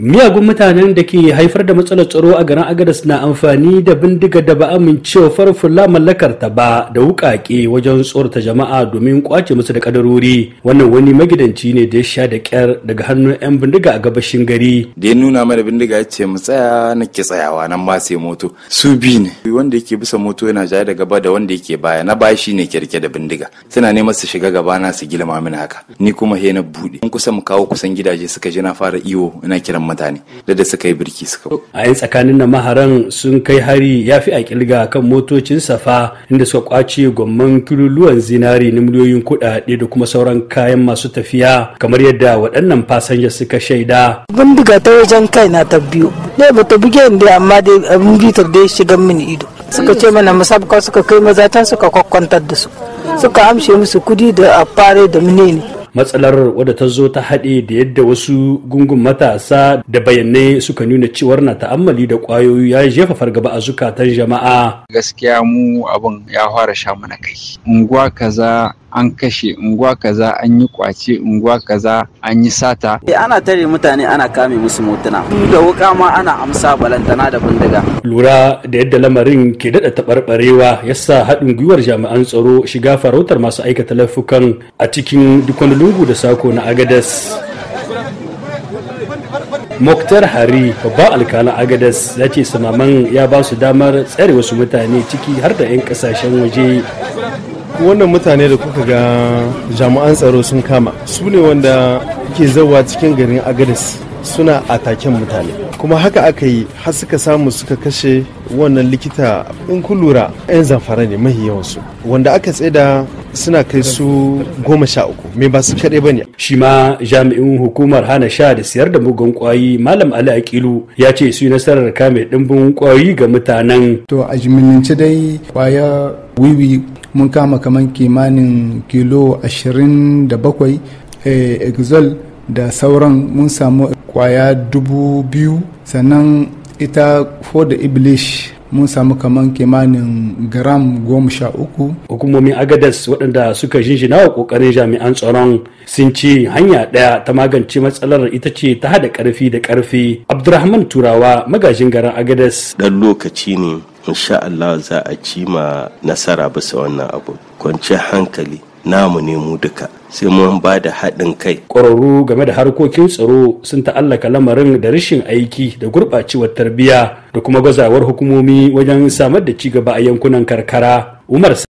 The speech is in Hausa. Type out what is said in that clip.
miyagun mutanen da ke haifar da matsalar tsaro a garin agadas na amfani da bindiga da ba amincewa farfula mallakar ta ba da wukake wajen tsorata jama'a domin kwace musu da kadarori wannan wani magidanci ne da ya sha da kyar daga hannun yan bindiga a gabashin gari da ya nuna mana bindiga ya ce mu tsaya na ke tsayawa nan ba sai moto su bi ne wanda yake bisa moto yana jaya da gaba da wanda yake baya na baya shine kirke da bindiga suna neman su shiga gaba na su gilma mini haka ni kuma he na bude kusa mu kawo kusan gidaje suka je na fara iwo ina kiran mutane da da suka yi birki suka a yi tsakanin na maharan sun kai hari ya fi a kilga kan motocin safa inda suka kwace gwamman kiluluwan zinari na miliyoyin kuɗaɗe da kuma sauran kayan masu tafiya kamar yadda waɗannan fasanja suka shaida bindiga ta wajen kai na ta biyu ne ba ta buge ni amma dai abin bitar da ya shiga mini ido suka ce mana musabka suka kai mazatan suka kwakwantar da su suka amshe musu kudi da afare da ne matsalar wadda ta zo ta haɗe da yadda wasu gungun matasa da bayanai suka nuna cewar na ta'ammali da ƙwayoyi ya jefa fargaba a zukatan jama'a gaskiya mu abin ya fara sha mana kai unguwa kaza an kashe unguwa kaza an yi kwace unguwa kaza an yi sata eh, ana tare mutane ana kame musu motuna da wuka ma ana amsa balantana da bindiga lura da yadda lamarin ke dada taɓarɓarewa yasa haɗin gwiwar jami'an tsaro shiga farautar masu aikata laifukan a cikin duk wani lungu da sako na agadas Moktar Hari babban alkalin Agadas ya ce samaman ya ba su damar tsare wasu mutane ciki har da 'yan kasashen waje wannan mutane da kuka ga jami'an tsaro sun kama su ne wanda ke zawa cikin garin agadis suna a taken mutane kuma haka aka yi har suka samu suka kashe wannan likita in kun lura 'yan zamfara ne mahi yawansu wanda aka da suna kai su goma sha uku mai ba su kaɗai ba ne. shi ma jami'in hukumar hana sha da siyar da mugun kwayi malam ali akilu ya ce su yi nasarar kame ɗimbin kwayi ga mutanen. to a jimilince dai kwaya wiwi mun kama kamar kimanin kilo 27 eh, exol da sauran mun samu kwaya dubu biyu sannan ita foda iblis mun samu kamar kimanin gram goma sha uku. Hukumomin Agadas waɗanda suka jinjina wa ƙoƙarin jami'an tsaron sun ci hanya ɗaya ta magance matsalar ita ce ta haɗa ƙarfi da ƙarfi. Abdurrahman Turawa magajin garin Agadas. Ɗan lokaci ne insha Allah za a ci ma nasara bisa wannan abu Kwanci hankali namu ne mu duka sai mun ba da haɗin kai. Ƙwararru game da harkokin tsaro sun ta'allaka lamarin da rashin aiki da gurɓacewar tarbiyya da kuma gazawar hukumomi wajen samar da cigaba a yankunan karkara. Umar